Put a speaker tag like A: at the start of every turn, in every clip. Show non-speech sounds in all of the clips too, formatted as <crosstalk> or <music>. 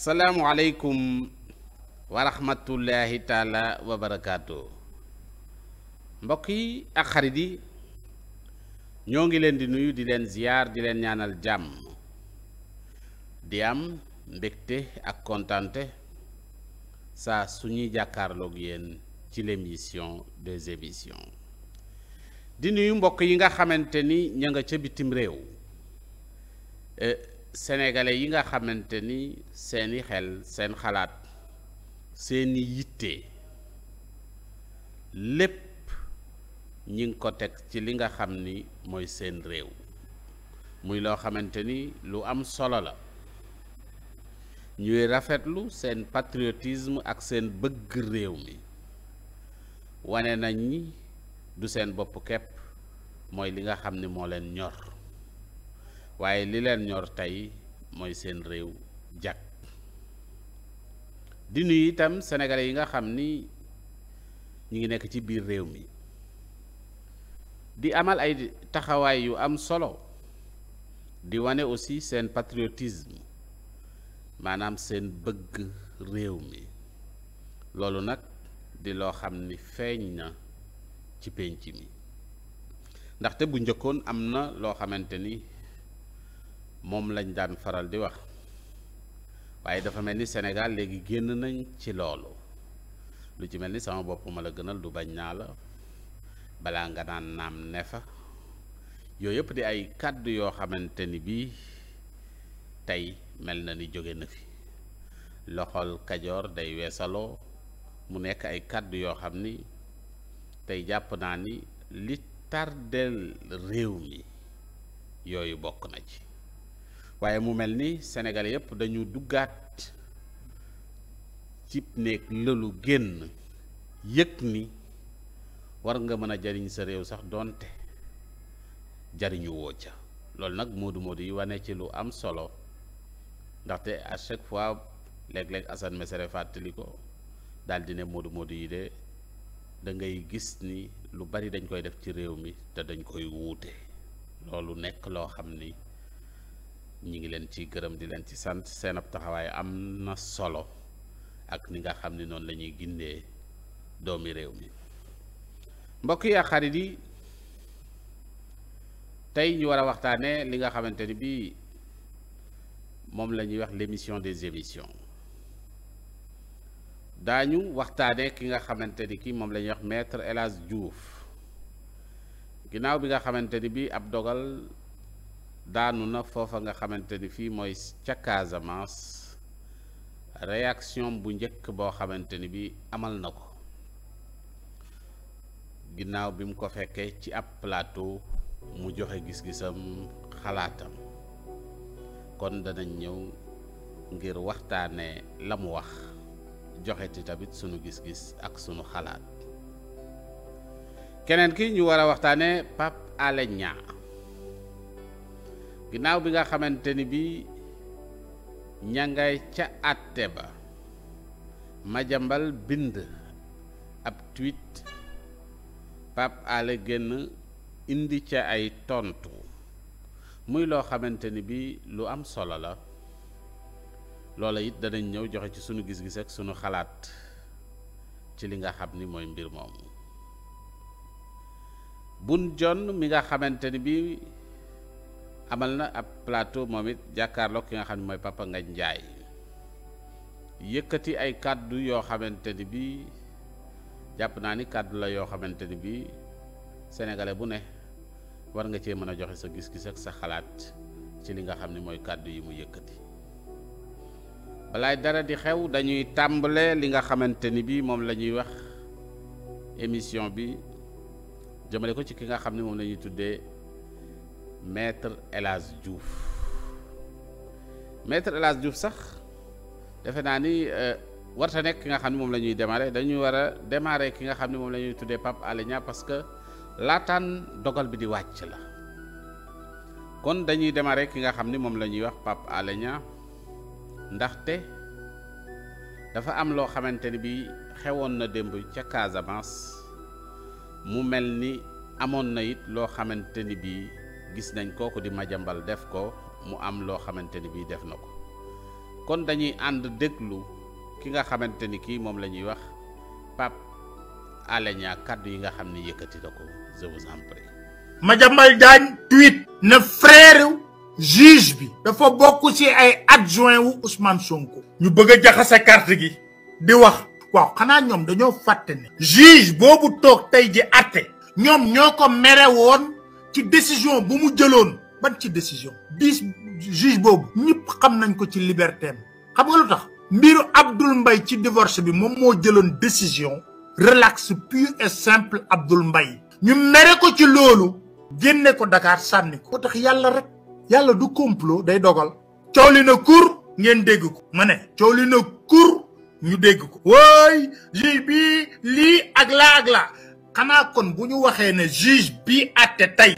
A: asalaamualeykum wa rahmatullahi taala wa barakaatu mbokk yi ak xarit yi ñoo ngi leen di nuyu di leen ziyaar di leen ñaanal jàmm di am mbégte ak kontante saa suñuy jàkkaarlook yéen ci l'émission des émissions di nuyu mbokk yi nga xamante ni ña nga ca bitim réew eh, sénégalais yi nga xamante ni seeni xel seen xalaat seeni yitte lépp ñi ngi ko teg ci li nga xam ni mooy seen réew muy loo xamante ni lu am solo la ñuy rafetlu seen patriotisme ak seen bëgg réew mi wane nañ ni du seen boppu képp mooy li nga xam ni moo leen ñor waaye li leen ñor tey mooy seen réew jag di nuyu itam sénégalais yi nga xam ni ñu ngi nekk ci biir réew mi di amal ay taxawaay yu am solo di wane aussi seen patriotisme maanaam seen bëgg réew mi loolu nag di loo xam ni feeñ na ci pénc mi ndaxte bu njëkkoon am na loo xamante ni moom lañ daan faral di wax waaye dafa mel ni senegaal léegi génn nañ ci loolu lu ci mel ni sama bopp ma la gënal du bañ naa la balaa nga naan naam ne fa yooyu yëpp di ay kàddu yoo xamante ni bii tey mel na ni jóge na fi loxol kajoor day weesaloo mu nekk ay kàddu yoo xam ni tey jàpp naa ni li tardeel réew mi yooyu bokk na ci waaye mu mel ni senegal yëpp dañu duggaat cib néeg lëlu génn yëg ni war nga mën a jariñ sa réew sax donte jariñuwoo ca loolu nag moodu moodu yi wane ci lu am solo ndaxte à chaque fois léeg-léeg Assane Mesere fàttali ko daldi ne moodu moodu yi de da ngay gis ni lu bari dañ koy def ci réew mi te dañ koy wuute loolu nekk loo xam ni ñi ngi leen ci gërëm di leen ci sant seen ab taxawaay am na solo ak ni nga xam ni noonu la ñuy gindee doomi réew mi mbokk yi xarit yi tey ñu war a waxtaanee li nga xamante ni bii moom la ñuy wax l'émission des émissions daañu waxtaanee ki nga xamante ni kii moom lañuy wax maître El Hadj ginnaaw bi nga xamante ni bii ab dogal. daanu na foofa nga xamante ni fii mooy ca Casamance réaction bu njëkk boo xamante ni bi amal na ko ginnaaw bi mu ko fekkee ci ab plateau mu joxe gis-gisam xalaatam kon danañ ñëw ngir waxtaane la mu wax joxe joxeti tamit sunu gis-gis ak sunu xalaat keneen ki ñu war a waxtaanee Pape ginnaaw bi nga xamante ni bi ña ngay ca àtte ba majambal bind ab tweet Pape Alé génn indi ca ay tontu muy loo xamante ni bi lu am solo la loola it danañ ñëw joxe ci sunu gis-gis ak sunu xalaat ci li nga xam ni mooy mbir moomu Boun Dionne mi nga xamante ni bi amal na ab plateau moom it jàkkaarloo ki nga xam ne mooy Papa nga njaay yëkkati ay kàddu yoo xamante ni bii jàpp naa ni kàddu la yoo xamante ni bii sénégalais bu ne war nga cee mën a joxe sa gis-gis ak sa xalaat ci li nga xam ne mooy kàddu yi mu yëkkati balaay dara di xew dañuy tàmbale li nga xamante ni bii moom la ñuy wax émission bi jëmale ko ci ki nga xam ne moom lañuy tuddee. maître El Hadj Diouf maître El sax defe naa ni euh, warta nekk ki nga xam ne moom la ñuy démarrer dañuy war a démarrer ki nga xam ne moom la ñuy tuddee Pape Alé Niang parce que laataan dogal bi di wàcc la kon dañuy demare ki nga xam ni moom la ñuy wax Pape aleña ndaxte dafa am loo xamante ni bii xewoon na démb ca Casamance mu mel ni amoon na it loo xamante ni bii gis nañ kooku di Madiambal def ko mu am loo xamante ni bii def na ko kon dañuy ànd déglu ki nga xamante ni kii moom la ñuy wax Pape Alé kàddu yi nga xam ni yëkkati na ko je vous en
B: prie. tweet na frère juge bi dafa bokk ci ay adjoint wu Ousmane Sonko. ñu bëgg a jaxase carte gi di wax. waaw xanaa ñoom dañoo fàtte ne. juge boobu toog tey ji àtte. ñoom ñoo ko mere woon. ci décision bu mu jëloon ban ci décision bis juge boobu ñëpp xam nañ ko ci liberté xam nga lu tax mbiru Abdoul mbay ci divorce bi moom moo jëloon décision relax pur et simple Abdoul Mbaye ñu mere ko ci loolu génne ko Dakar sànni ko tax yàlla rek yàlla du complot day dogal coow li na kur ngeen dégg ko ma ne coow li na kur ñu dégg ko wooy juge bi lii ak laa xanaa kon bu ñu waxee ne juge bi àtte tey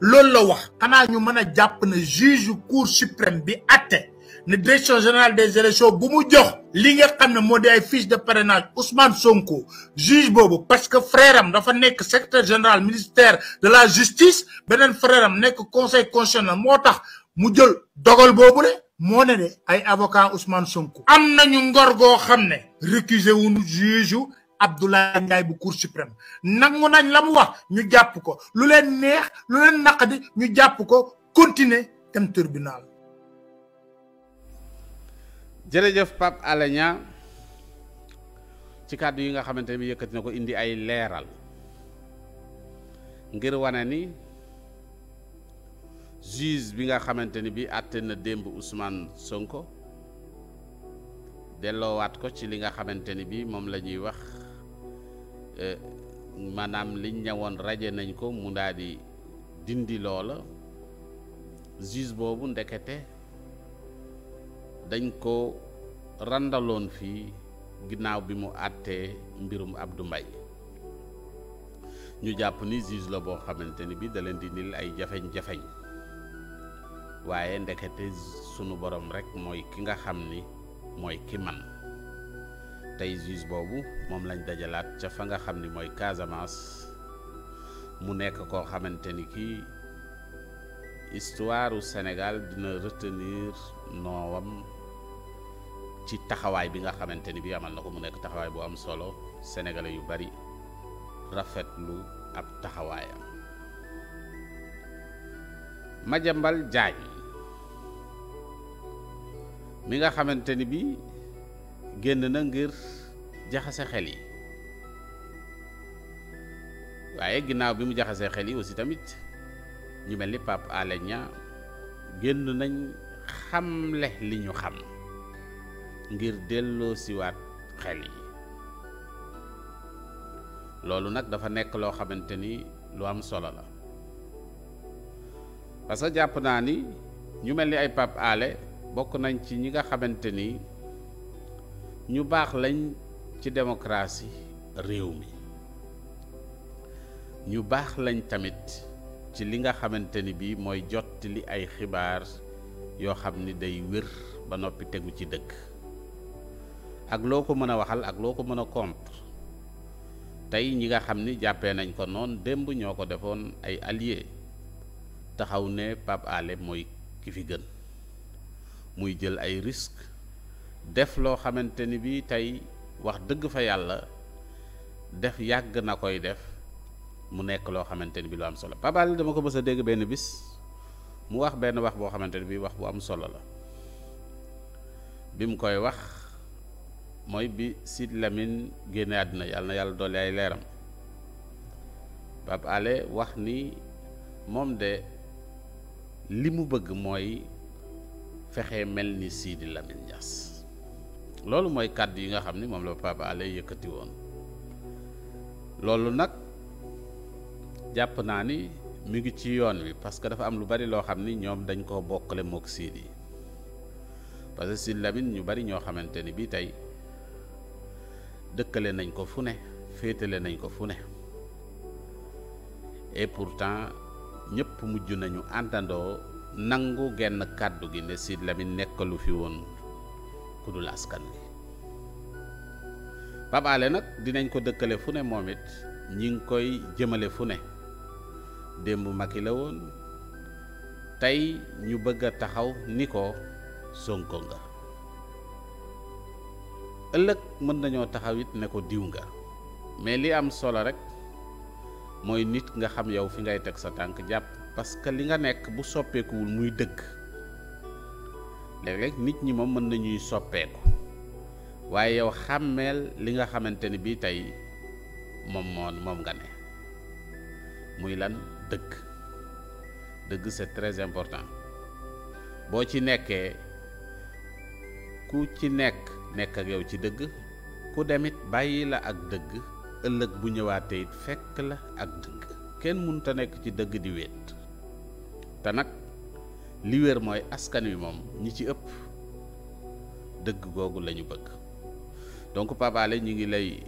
B: loolu la wax xanaa ñu mën a jàpp ne juge cour suprême bi àtte ne direction générale des élections bu mu jox li nga xam ne moo di ay de parrainage Ousmane Sonko juge boobu parce que frère dafa nekk secteur général ministère de la justice beneen frère nekk conseil constitutionnel moo tax mu jël dogal boobu le moo ne ay avocat Ousmane Sonko am nañu ngor goo xam ne récuser wuñu juge Abdoulaye Ndiaye bu cour suprême nangu nañ la wax ñu jàpp ko lu leen neex lu leen naqadi ñu jàpp ko continuer dem tribunal.
A: jërëjëf Pape Alé ci kàddu yi nga xamante ne bi yëkkati na ko indi ay leeral ngir wane ni juge bi nga xamante ni bi àtte na démb Ousmane Sonko delloowaat ko ci li nga xamante ni bi moom lañuy wax. Eh, maanaam liñ ñawoon raje nañ ko mu daal di dindi loola juge boobu ndekete dañ ko randaloon fii ginnaaw bi mu àttee mbirum ab du mbay ñu jàpp ni juge la boo xamante ni bi da leen di ay jafeñ-jafeñ waaye ndekete sunu borom rekk mooy ki nga xam ni mooy ki man tey juge boobu moom lañ dajalaat ca fa nga xam ni mooy Casamance mu nekk koo xamante ni kii histoire senegal Sénégal dina retenir noowam ci taxawaay bi nga xamante ni bii amal na ko mu nekk taxawaay boo am solo sénégalais yu bari rafet lu ab taxawaayam Madiambal Diagne mi nga xamante ni bii génn na ngir jaxase xel yi waaye ginnaaw bi mu jaxasee xel yi aussi tamit ñu mel ni Pape Alé Niang génn nañ xamle li ñu xam ngir delloo siwaat xel yi loolu nag dafa nekk loo xamante ni lu am solo la jàpp naa ni ñu mel ni ay Pape Alé bokk nañ ci ñi nga xamante ni ñu baax lañ ci démocratie réew mi ñu baax lañ tamit ci li nga xamante ni bii mooy li ay xibaar yoo xam ni day wér ba noppi tegu ci dëkk ak loo ko mën a waxal ak loo ko mën a contre tey ñi nga xam ni jàppee nañ ko noon démb ñoo ko defoon ay alliés taxaw ne Pape mooy ki fi gën muy jël ay risques. def loo xamante ni bii tey wax dëgg fa yàlla def yàgg na koy def mu nekk loo xamante ni bii lu am solo Pabal dama ko mës a dégg benn bis mu wax benn wax boo xamante ni bii wax bu am solo la bi mu koy wax mooy bi Sid lamin génne àddina yàlla na yàlla doole ay leeram Pape wax ni moom de li mu bëgg mooy fexe mel ni Sidi Lamine Niass loolu mooy kàddu yi nga xam ni moom la Pape Alé yëkkati woon loolu nag jàpp naa ni mu ngi ci yoon wi parce que dafa am lu bari loo xam ni ñoom dañ koo bokkale mook Sidy parce que Sidy Lamine ñu bari ñoo xamante ni bii tey dëkkale nañ ko fu ne féetale nañ ko fu ne et pourtant ñëpp mujj nañu àndandoo nangu genn kàddu gi ne Sidy Lamine nekkalu fi woon ku askan wi Pape nag dinañ ko dëkkale fu ne moom it ñi ngi koy jëmale fu ne démb Macky la woon tey ñu bëgg a taxaw ni ko Sonko nga ëllëg mën nañoo taxawit ne ko diw nga mais li am solo rek mooy nit nga xam yow fi ngay teg sa tànk jàpp parce que li nga nekk bu soppeekuwul muy dëkk léeg nit ñi moom mën nañuy soppeeku waaye yow xàmmeel li nga xamante ni bii tey moom moo moom nga ne muy lan dëgg dëgg c'est très important boo ci nekkee ku ci nekk nekk ak yow ci dëgg ku demit bàyyi la ak dëgg ëllëg bu ñëwaatee it fekk la ak dëgg kenn mënut a nekk ci dëgg di wéet te nag li wér mooy askan wi moom ñi ci ëpp dëgg googu la ñu bëgg donc Pape Alé ñu ngi lay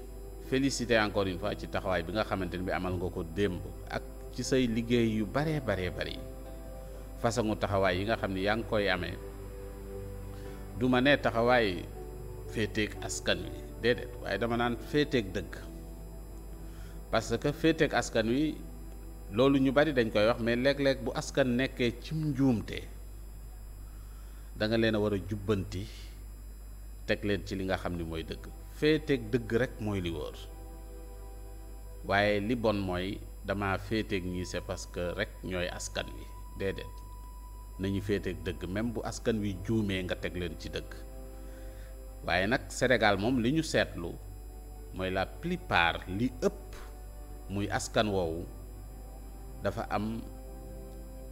A: félicité encore une fois ci taxawaay bi nga xamante ne bi amal nga ko démb ak ci say liggéey yu baree baree bari façon taxawaay yi nga xam ne yaa ngi koy ame du ma ne taxawaay féeteeg askan wi déedéet waaye dama naan féeteeg dëgg parce que féeteeg askan wi. loolu ñu bari dañ koy wax mais léeg-léeg bu askan nekkee ci njuumte danga leen a war a jubbanti teg leen ci li nga xam ni mooy dëgg féeteeg dëgg rek mooy li wóor waaye li bon mooy dama féeteeg ñii c'est parce que rek ñooy askan wi déedéet nañu féeteeg dëgg même bu askan wi juumee nga teg leen ci dëgg waaye nag Sénégal moom li ñu seetlu mooy la plupart li ëpp muy askan woowu dafa am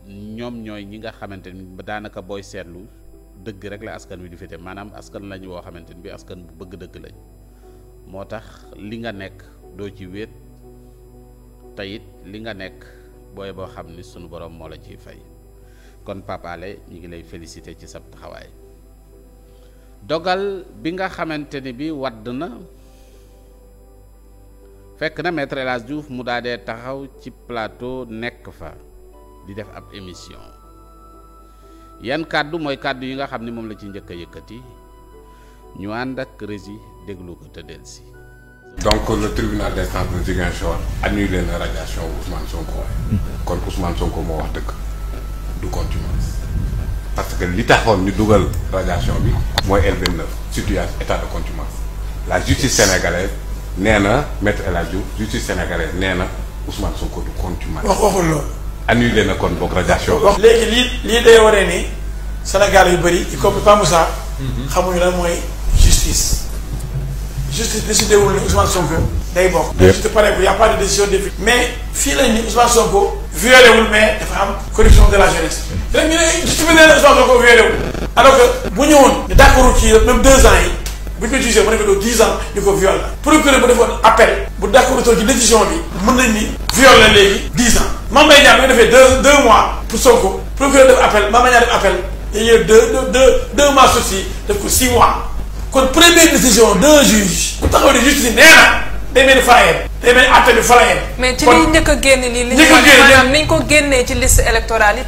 A: ñoom ñooy ñi nga xamante ni daanaka booy seetlu dëgg rek la askan wi di féete maanaam askan lañu woo xamante ni bi askan bu bëgg dëgg lañ moo tax li nga nekk doo ci wéet teyit li nga nekk booy boo xam ni sunu borom moo la ciy fay kon papaale ñu ngi lay féliciter ci sab taxawaay dogal bi nga xamante bi wadd na fekk na maître El Hadj Diouf mu daadee taxaw ci plateau nekk fa di def ab émission yan kàddu mooy kàddu yi nga xam ne moom la ci njëkk a yëkkati ñu ànd ak rési déglu ko te dellusi.
B: donc le tribunal
A: d'instance de Ziguinchor annulé na radiation Ousmane Sonko kon Ousmane Sonko moo wax dëgg du contumace parce que li taxoon ñu dugal radiation bi mooy L29 situation état de contumace la justice sénégalaise. nee na maître El Hadj Diouf justice sénégalaise nee na Ousmane Sonko du contumace. wax waxul loolu. annulé na kon boog radiation. wax léegi
C: lii lii day wane ni Sénégal yu bëri y compris pas Moussa. Mhm. xamuñu lan mooy justice. justice décidé wul ne Ousmane Sonko day bokk. yëpp justice pare bu y' a pas de décision définitive. mais fii lañ ni Ousmane Sonko. violé wul mais dafa am corruption de la jeunesse. rek ñu ne justice bi nee na Ousmane Sonko violé ñëwoon. d' accord ci même deux ans yi. bi ko jugé mu nekk doo dix ans ñu ko viol la procureur bu defoon appel bu d'accord ci décision bi mën nañ ni viol la léegi dix ans Mame Mbaye Niang defee deux deux mois pour Sonko procureur def appel Mame Mbaye def appel deux deux deux mois sursis def ko six mois kon première décision d'un juge bu taxaw di justice nee day mel ni fa la day mel ni àtte bi fa la
B: mais ci liy njëkk génn lii li maanaam ni ñu ko génnee ci liste électorale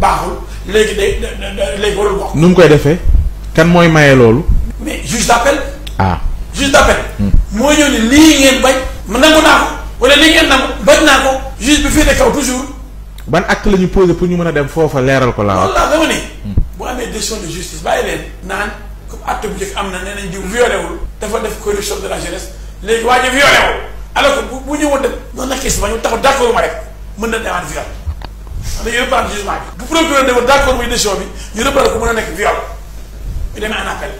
C: baaxul léegi day léegi warul bokk. nu mu koy defee kan mooy maye loolu. mais juge d'appel. ah juge d'appel. Hmm. moo ñëw ne lii ngeen bañ. ma nangu naa ko wala lii ngeen nangu bañ naa ko juge bi fii ne kaw toujours. ban ak la ñu posé pour ñu mën a dem foofa leeral ko laa. wallaahi dama ni. Hmm. bu amee décision de justice bàyyi leen. naan comme acte bu am na nee nañ di violé wul. dafa def corruption de la jeunesse léegi waa ji violé wul alors que bu bu ñëwoon dem. noonu ñu taxaw d'accord ma rek mën na demaat viol. am na ñu reprendre jugement bi bu procureur demoon d' accord muy décision bi ñu reprendre ko mën a nekk viol ñu demee en appel.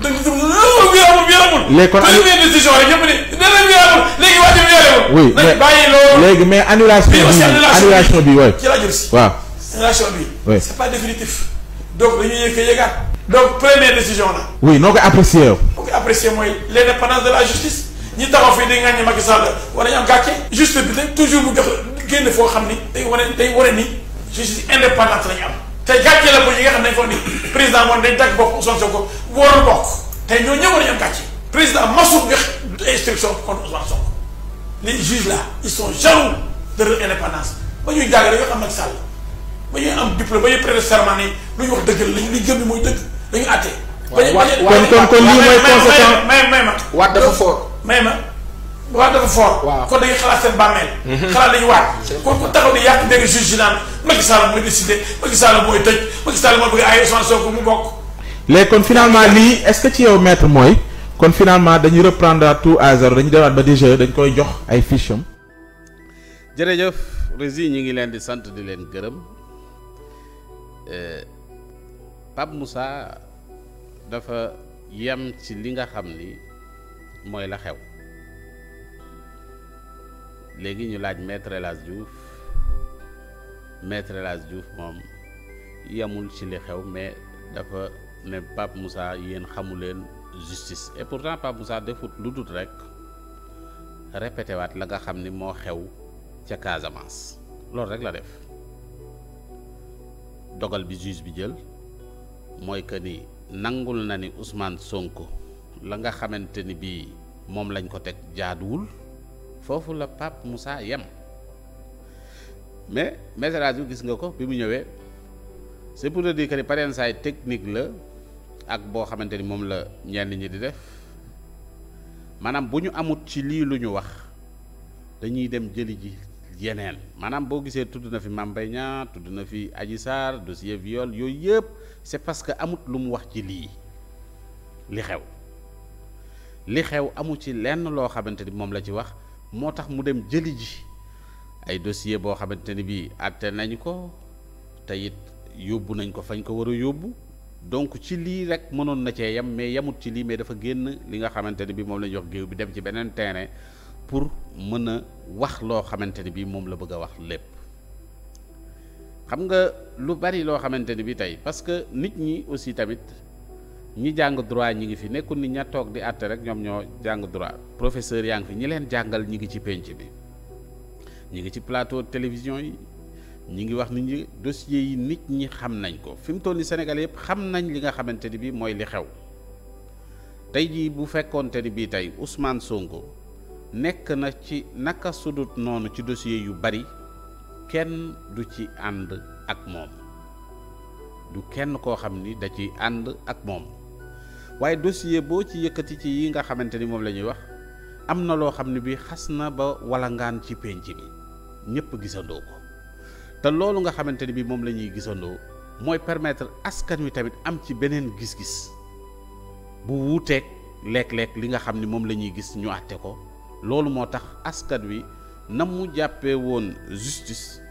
C: donc ñu ne loolu viol amul viol amul. léegi kon annulé décision rek ñëpp ni nee nañ viol amul léegi waa
D: ji violé wul. oui mais bàyyi loolu. léegi
C: mais annulation bi annulation bi oui. ci la jël si waaw. annulation bi. oui c' est pas définitif. donc dañuy yëg yëgaat. donc première décision la. oui noo koy apprécier yow. noo koy apprécier mooy l' indépendance de la justice. ñi taxaw fii di ŋàññi Macky Sall war nañu am gàcce. justice bi toujours génn foo xam ni day wane day wane ni justice indépendante la am te gàcce la ko ñi nga xam ne dañu ni <coughs> président moom day dagg bopp Ousmane Sonko waroon bokk tey ñoo ñëwoon nañu am gàcce président masul jox instruction contre Ousmane Sonko les juges là ils sont jaloux de leur indépendance ba ñuy jàng dañoo am Macky Sall ba ñuy am diplôme ba ñuy prêter serment ni lu ñu wax dëgg la li gëm ni mooy dëgg dañu àtte.
D: waaw kon kon kon lii mooy conséquent
C: may ma may ma. waat dafa fort may ma. waaw dafa fort. waaw kon dañuy xalaat seen bàmmeel. Mhm. xalaat dañuy waat. kon ku taxaw di yàq dégg juge yi naan Macky Sall mooy décidé Macky Sall mooy tëj Macky Sall mooy bokk. léegi kon finalement lii est-ce que ci yow maître mooy kon finalement dañuy reprendre tout à zéro dañu demaat ba DG dañ koy jox ay fiches am.
A: jërëjëf Rési ñu ngi leen di sant di leen gërëm euh, Pape Moussa dafa yem ci li nga xam ni mooy la xew. léegi ñu laaj maître El Hadj Diouf maître El Hadj Diouf moom yamul ci li xew mais dafa ne Pape Moussa yéen xamuleen justice et pourtant Pape Moussa defut lu dut rek répété waat la nga xam ni moo xew ca Casamance loolu rek la def dogal bi juge bi jël mooy que ni nangul na ni Ousmane sonk la nga xamante ni bii moom lañ ko teg jaaduwul. foofu la Pape Moussa yem mais message bi gis nga ko bi mu ñëwee c'est pour dire que ni parrainage technique la ak boo xamante ni moom la ñenn ñi di def maanaam bu ñu amut ci lii lu ñu wax dañuy dem jëli ji yeneen maanaam boo gisee tudd na fi Mame Mbaye Niang tudd na fi Adji Sarr dossier viol yooyu yëpp c'est parce que amut lu mu wax ci lii li xew li xew amu ci lenn loo xamante ni moom la ci wax moo tax mu dem jëli ji ay dossier boo xamante ni bii àtte nañ ko te it yóbbu nañ ko fañ ko war a yóbbu donc ci lii rek mënoon na cee yem mais yemut ci lii mais dafa génn li nga xamante ni bii moom la ñuy wax géew bi dem ci beneen terrain pour mën a wax loo xamante ni bii moom la bëgg a wax lépp xam nga lu bari loo xamante ni bii tey parce que nit ñi aussi tamit. ñi jàng droit ñi ngi fi nekkul ni ña toog di àtte rek ñoom ñoo jàng droit professeur yaa ngi fi ñi leen jàngal ñi ngi ci pénc bi ñi ngi ci plateau télévision yi ñi ngi wax nit ñi dossiers yi nit ñi xam nañ ko fi mu toll ni Sénégal yëpp xam nañ li nga xamante ni bii mooy li xew tey jii bu fekkoonte ni bii tey Ousmane Sonko nekk na ci naka sudut noonu ci dossier yu bari kenn du ci ànd ak moom du kenn koo xam ni da ci ànd ak moom. waaye dossier boo ci yëkkati ci yi nga xamante ni moom la ñuy wax am na loo xam ne bi xas na ba walangaan ci penc bi ñëpp gisandoo ko te loolu nga xamante ni bi moom la ñuy gisandoo mooy permettre askat wi tamit am ci beneen gis-gis bu wuuteeg léeg-léeg li nga xam ni moom la ñuy gis ñu àtte ko loolu moo tax askan wi na mu jàppee woon justice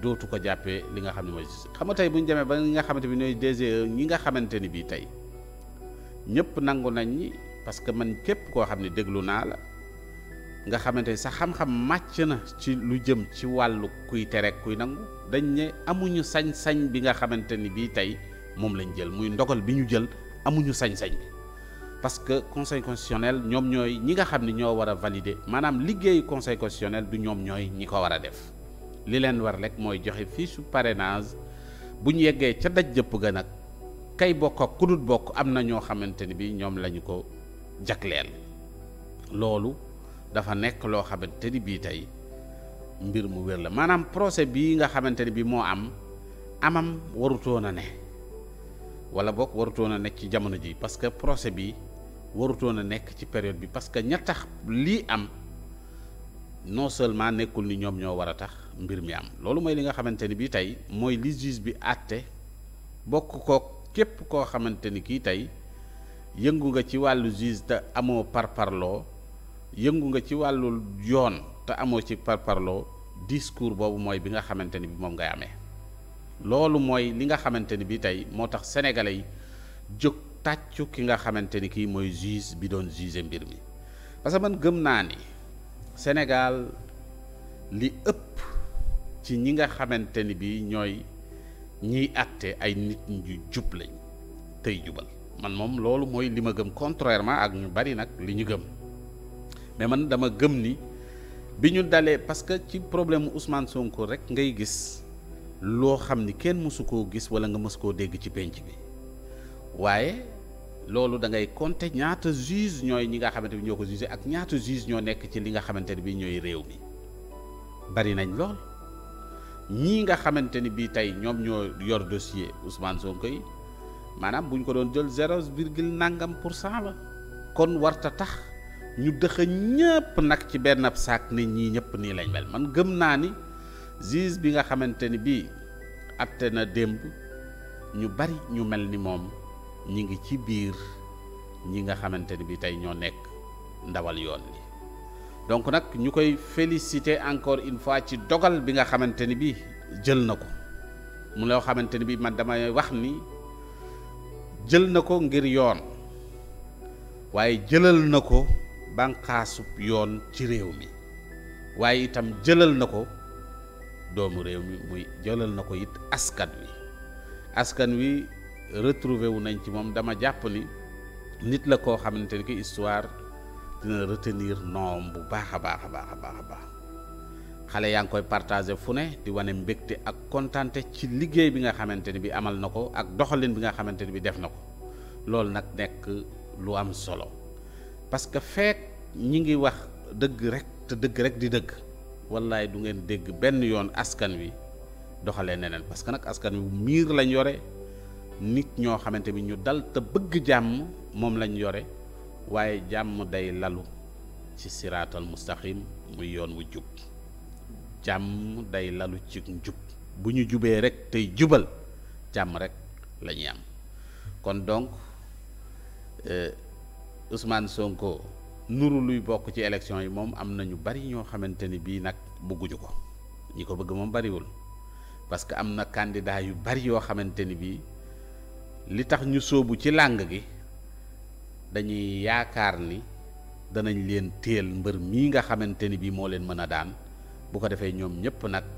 A: dootu ko jàppee li nga xam ne mooy justice xam nga tey bu ñu demee ba ñi nga xamante bi ñooy DGE ñi nga xamante ni bii tey ñëpp nangu nañ ñi parce que man képp koo xam ne déglu naa la nga xamante ni sa xam-xam màcc na ci lu jëm ci wàllu kuy tere kuy nangu dañ ne amuñu sañ-sañ bi nga xamante ni bii tey moom lañ jël muy ndogal bi ñu jël amuñu sañ-sañ bi parce que conseil constitutionnel ñoom ñooy ñi nga xam ne ñoo war a valider maanaam liggéeyu conseil constitutionnel du ñoom ñooy ñi ko war a def li leen war rek mooy joxe fiche parrainage bu ñu yeggee ca daj jëpp ga nag. kay bokk ak ku bokk am na ñoo xamante ni bi ñoom lañu ko jagleel loolu dafa nekk loo xamante bii tey mbir mu wér la maanaam procès bii nga xamante ni bi moo am amam warutoon a ne wala bokk warutoon a nekk ci jamono ji parce que procès bii warutoon a nekk ci période bi parce que ña tax lii am non seulement nekkul ni ñoom ñoo war a tax mbir mi am loolu mooy li nga xamante ni bi tey mooy li juge bi àtte bokk kook képp koo xamante ni kii tey yëngu nga ci wàllu juge te amoo parparloo yëngu nga ci wàllu yoon te amoo ci parparloo discours boobu mooy bi nga xamante ni bi moom ngay amee loolu mooy li nga xamante ni bi tey moo tax sénégalais yi jóg tàccu ki nga xamante ni kii mooy juge bi doon juger mbir mi parce que man gëm naa ni Sénégal li ëpp ci ñi nga xamante ni bi ñooy ñiy àtte ay nit ñu jub lañ tey jubal man moom loolu mooy li ma gëm contrairement ak ñu bari nag li ñu gëm mais man dama gëm ni bi ñu dalee parce que ci problème mu Ousmane Sonko rek ngay gis loo xam ni kenn mësu koo gis wala nga mës koo dégg ci penc bi waaye loolu da ngay compter ñaata juge ñooy ñi nga xamante bi ñoo ko jugé ak ñaata juge ñoo nekk ci li nga xamante ne bi ñooy réew mi bari nañ lool. ñii nga xamante ni bii tey ñoom ñoo yor dossier Ousmane Sonko yi maanaam bu ñu ko doon jël zéro virgule nangam pour cent la kon warta tax
B: ñu dëxa ñëpp
A: nag ci benn saak ne ñii ñëpp nii lañ mel man gëm naa ni juge bi nga xamante ni bii atte na démb ñu bari ñu mel ni moom ñi ngi ci biir ñi nga xamante ni bii tey ñoo nekk ndawal yoon li donc nag ñu koy féliciter encore une fois ci dogal bi nga xamante ni bi jël na ko mu loo xamante ni bi man damay wax ni jël na ko ngir yoon waaye jëlal na ko banqaasub yoon ci réew mi waaye itam jëlal na ko doomu réew mi muy jëlal na ko it askan wi askan wi retrouver wu nañ ci moom dama jàpp ni nit la koo xamante ni ki histoire dina retenir nom bu baax a baax a baax a baax a baax xale yaa ngi koy partagé fu ne di wane mbégte ak kontante ci liggéey bi nga xamante ni bi amal na ko ak doxalin bi nga xamante ni bi def na ko loolu nag nekk lu am solo parce que feek ñi ngi wax dëgg rek te dëgg rek di dëgg wallaay du ngeen dégg benn yoon askan wi doxalee neneen parce que nag askan wi miir lañ yore nit ñoo xamante bi ñu dal te bëgg jàmm moom lañ yore waaye jàmm day lalu ci siraatal mustaqim muy yoon wu jub jàmm day lalu ci njub bu ñu jubee rek tey jubal jàmm rek lañuy am kon donc euh, Ousmane Sonko nuru luy bokk ci élection yi moom am na ñu bari ñoo xamante ni bii nag bugguñu ko ñi ko bëgg moom bariwul parce que am na candidat yu bari yoo xamante ni bii li tax ñu sóobu ci làng gi dañuy yaakaar ni danañ leen téel mbër mii nga xamante ni bii moo leen mën a daan bu ko defee ñoom ñëpp nag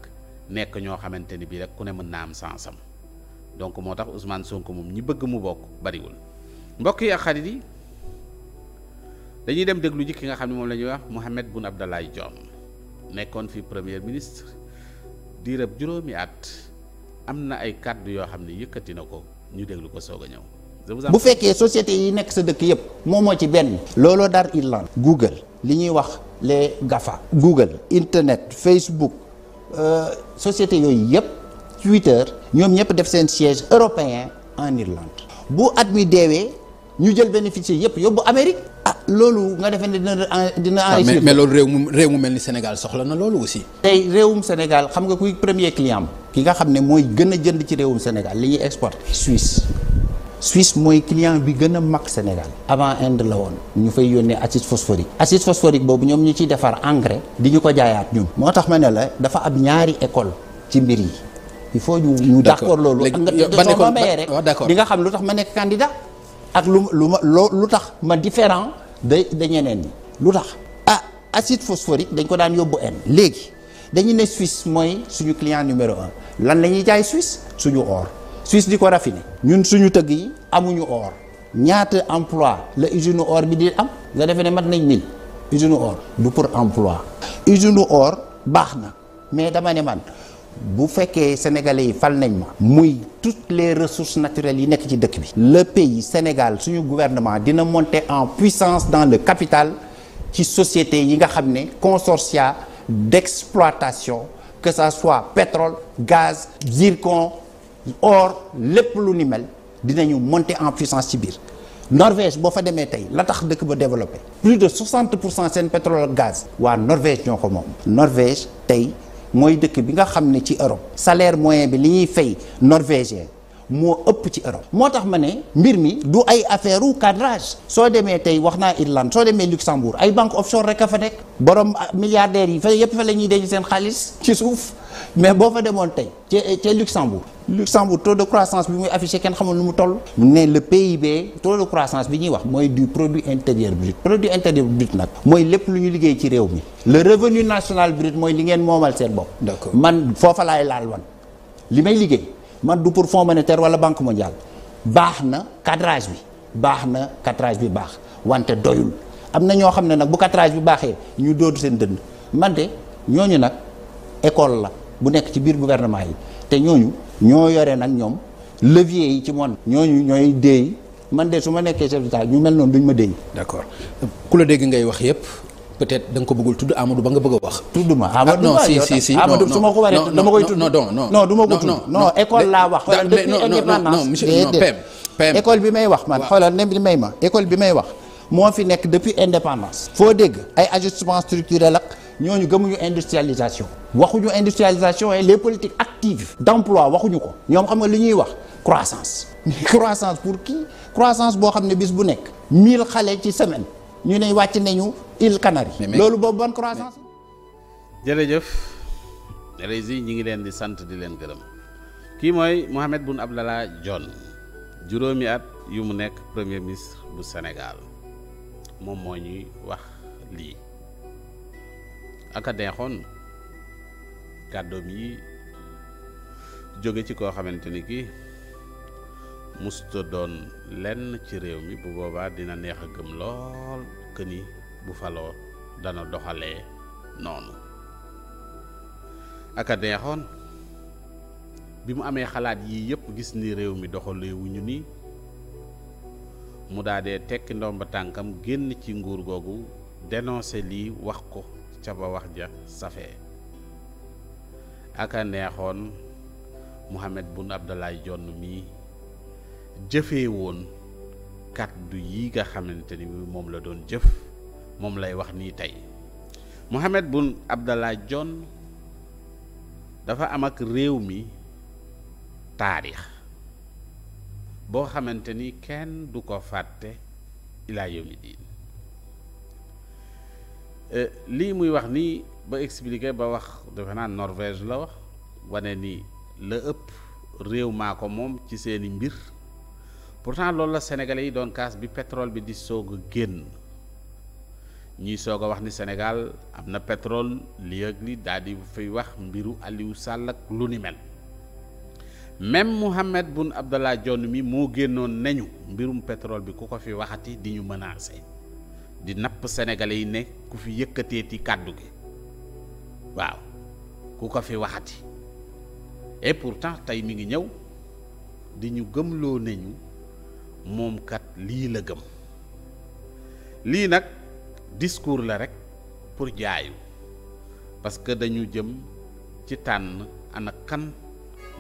A: nekk ñoo xamante ni bii rek ku ne mën naa am sansam donc moo tax Ousmane sonk moom ñi bëgg mu bokk bariwul mbokk yi ak xarit yi dañuy dem déglu ji ki nga xam ne moom la ñuy wax Mohamed Boun Abdallah Dionne nekkoon fi premier ministre diirab juróomi at am na ay kàddu yoo xam ne yëkkati na ko ñu déglu ko soog a ñëw. bu
D: fekkee société yi nekk sa dëkk yëpp moom moo ci benn looloo dar Irlande Google li ñuy wax les GAFA Google internet Facebook euh, société yooyu yëpp Twitter ñoom ñëpp def seen siège européen en Irlande bu at mi deewee ñu jël bénéfice yëpp yóbbu Amérique ah loolu nga defee ne dina dina ah, enrichir mais melool réew mu réew mu mel ni Sénégal soxla na loolu aussi tey réewum Sénégal xam nga kuy premier client ki nga xam ne mooy gën a jënd ci réewum Sénégal li ñuy exporté Suisse mooy client bi gën a mag Sénégal avant Inde la woon ñu fay yónnee acide phosphorique acide phosphorique boobu ñoom ñu ciy defar engrais di ñu ko jaayaat ñun moo tax ma ne la dafa am ñaari école ci mbir yi il faut ñu ñu d'accord loolu nga soo ma mayee rek ah, di nga xam lu tax ma nekk candidat ak lu lu ma loo lu tax ma différent de da ñeneen yi lu tax ah acide phosphorique dañ ko daan yóbbu inn léegi dañu ne Suisse mooy suñu client numéro un lan la ñuy jaay Suisse suñu or Suisse di ko rafine ñun suñu tëgg yi amuñu or ñaata emploi la usine or bi di am nga defee ne mat nañ mil usine or du pour emploi usine or baax na mais dama ne man bu fekkee sénégalais yi fal nañ ma muy toutes les ressources naturelles yi nekk ci dëkk bi le pays Sénégal suñu gouvernement dina monter en puissance dans le capital ci société yi nga xam ne consortia d'exploitation que ça soit pétrole gaz zircon or lépp lu ni mel dinañu monter en puissance ci biir Norvège boo fa demee tey la tax dëkk ba développé plus de 60 pour cent seen pétrole gaz waa Norvège ñoo ko moom Norvège tey mooy dëkk bi nga xam ne ci Europe salaire moyen bi li ñuy fay norvégien moo ëpp ci Europe moo tax ma ne mbir mi du ay affaire u cadrage soo demee tey wax naa Irlande soo demee Luxembourg ay banque offshore rek a fa nekk borom milliardaires yi fa yëpp fa la ñuy denc seen xaalis ci suuf mais boo fa demoon tey ca ca Luxembourg Luxembourg taux de croissance bi muy affiché kenn xamul nu mu toll ne le PIB taux de croissance bi ñuy wax mooy du produit intérieur brut produit intérieur brut nag mooy lépp lu ñu liggéey ci réew mi le revenu national brut mooy li ngeen moomal seen bopp d'accord man foofa laay laal wan li may liggéey man du pour fonds monétaire wala banque mondiale baax na cadrage bi baax na cadrage bi baax wante doyul am na ñoo xam ne nag bu cadrage bi baaxee ñu doodu seen dënd man de ñooñu nag école la bu nekk ci biir gouvernement yi te ñooñu ñoo yore nag ñoom levier yi ci monde ñooñu ñooy déey man de su ma nekkee chef d'état ñu mel noonu duñ ma déey d'accord ku la dégg ngay wax yépp peut-être da ko bëggul tudd Amadou Ba nga bëgg a wax. tudd ma ah, Amadou non si si si dama koy tudd non non non non du ma ko tudd laa wax. xoolal école bi may wax man xoolal ne ma école bi may wax moo fi nekk depuis indépendance. foo dégg ay ajustement structurel ak. ñooñu gëmuñu industrialisation waxuñu industrialisation et les politiques actives d'emploi waxuñu ko ñoom xam nga li ñuy wax croissance <laughs> croissance pour qui croissance boo xam ne bis bu nekk 1000 xale ci semaine ñu ne wàcc nañu îles Canaries loolu boobu ban croissance
A: jërëjëf Rési ñi ngi leen di sant di leen gërëm kii mooy Mohamed Boun Abdallah Dionne juróomi at yu mu nekk premier ministre bu Sénégal moom moo ñuy wax lii aka neexoon kàddoom yi jóge ci koo xamante ni kii musta doon lenn ci réew mi bu boobaa dina neex a gëm lool que ni bu faloo dana doxale noonu aka neexoon bi mu amee xalaat yii yëpp gis ni réew mi doxalee wuñu mu daadee tekki ba tànkam génn ci nguur googu denose li wax ko ca ba wax ja safee aka neexoon Mohamed Boun Abdallah Dionne mii jëfee woon kàddu yi nga xamante ni moom la doon jëf moom lay wax nii tey Mohamed Boun Abdallah Dionne dafa am ak réew mi taarix boo xamante ni kenn du ko fàtte ilaa yawmi diin Eh, lii muy wax nii ba expliquer ba wax defe naa Norvège la wax wane ni la ëpp réew maa ko moom ci seeni mbir pourtant loolu la sénégalais yi doon kaas bi pétrole bi di soog a génn ñuy soog a wax ni Sénégal am na pétrole li ak li daal di fay wax mbiru Aliou Sall ak lu ni mel même Mohamed Boun Abdallah Dionne mi moo génnoon nañu mbirum pétrole bi ku ko fi waxati di ñu menacer. di napp sénégalais yi ne ku fi yëkkateeti kàddu gi waaw ku ko fi waxati et pourtant tey mi ngi ñëw di ñu gëmloo nañu moom kat lii la gëm lii nag discours la rek pour jaayu parce que dañu jëm ci tànn ana kan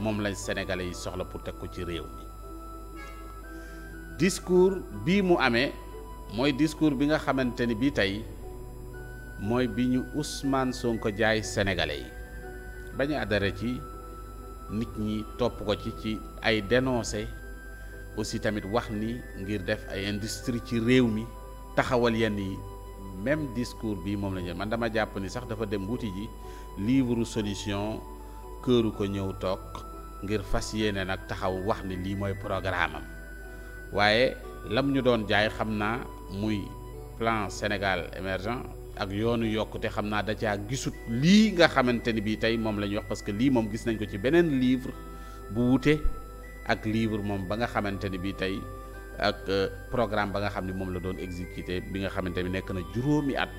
A: moom lañ sénégalais yi soxla pour teg ko ci réew mi discours bii mu amee mooy discours bi nga xamante ni bii tey mooy bi ñu Ousmane ko jaay senegale yi bañu adhéré ci nit ñi topp ko ci ci ay dénoncé aussi tamit wax ni ngir def ay industrie ci réew mi taxawal yenn yi même discours bi moom la man dama jàpp ni sax dafa dem wuti ji livre solution këru ko ñëw toog ngir fas yéene nag taxaw wax ni lii mooy programme am waaye lam ñu doon jaay xam naa muy plan Sénégal émergent ak yoonu yokkute xam naa da caa gisut lii nga xamante ni bii tey moom la ñuy wax parce que lii moom gis nañ ko ci beneen livre bu wute ak livre moom ba nga xamante ni bii tey ak euh, programme ba nga xam ne moom la doon exécuté bi nga xamante ni nekk na juróomi at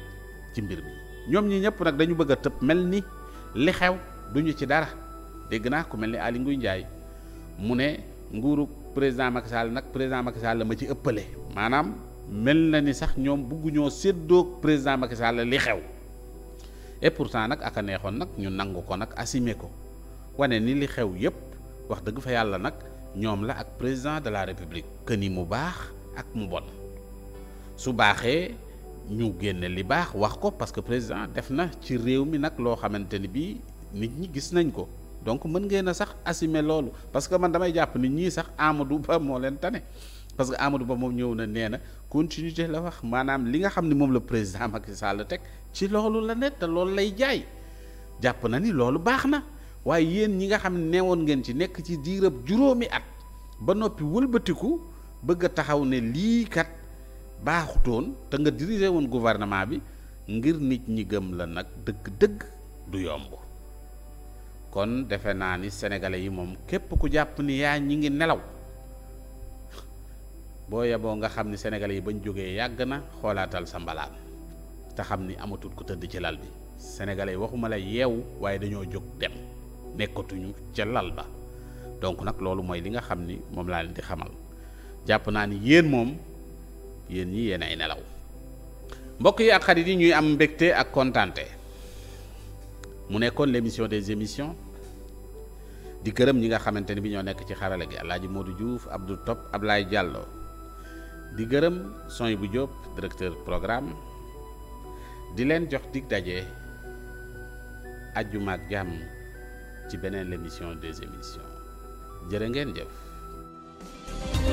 A: ci mbir mi ñoom ñi ñëpp nag dañu bëgg a tëb mel ni li xew duñu ci dara dégg naa ku mel ni Aly Ngouille njaay mu ne nguuru président Macky Sall nag président Macky Sall la ma ci ëppale maanaam mel na ni sax ñoom bugguñoo seddoo président Macky Sall li xew et pourtant nag aka neexoon nag ñu nangu ko nag assumer ko wane ni li xew yépp wax dëgg fa yàlla nag ñoom la ak président de la république que ni mu baax ak mu bon su baaxee ñu génne li baax wax ko parce que président def na ci réew mi nag loo xamante ni bii nit ñi gis nañ ko donc mën ngeen sax assumer loolu parce que man damay jàpp nit ñii sax Amadou Ba moo leen tane parce que Amadou Ba moom ñëw na nee na continuité la wax maanaam li nga xam ni moom la président Macky Sall teg ci loolu la ne te loolu lay jaay jàpp na ni loolu baax na waaye yéen ñi nga xam ne woon ngeen ci nekk ci diirab juróomi at ba noppi wëlbatiku bëgg a taxaw ne lii kat baaxutoon te nga diriger woon gouvernement bi ngir nit ñi gëm la nag dëgg-dëgg du yomb kon defe naa ni sénégalais yi moom képp ku jàpp ni yaa ñi ngi nelaw. boo yeboo nga xam ni sénégalais yi bañ jógee yàgg na xoolaatal sa mbalaan te xam ni amatul ku tëdd ci lal bi sénégalais yi waxuma la yeew waaye dañoo jóg dem nekkatuñu ca lal ba donc nag loolu mooy li nga xam ni moom laa leen di xamal jàpp naa ni yéen moom yéen ñi yéen ay nelaw mbokk yi ak xarit yi ñuy am mbégte ak kontaante mu nekkoon l'émission des émissions di gërëm ñi nga xamante ni bi ñoo nekk ci xarala gi du Alaaji ab du Abdou Top Ablaye jàlloo di gërëm sony bu Diop directeur programme di leen jox dig daje àjjuma ak ci beneen l'émission des émissions jërë ngeen jëf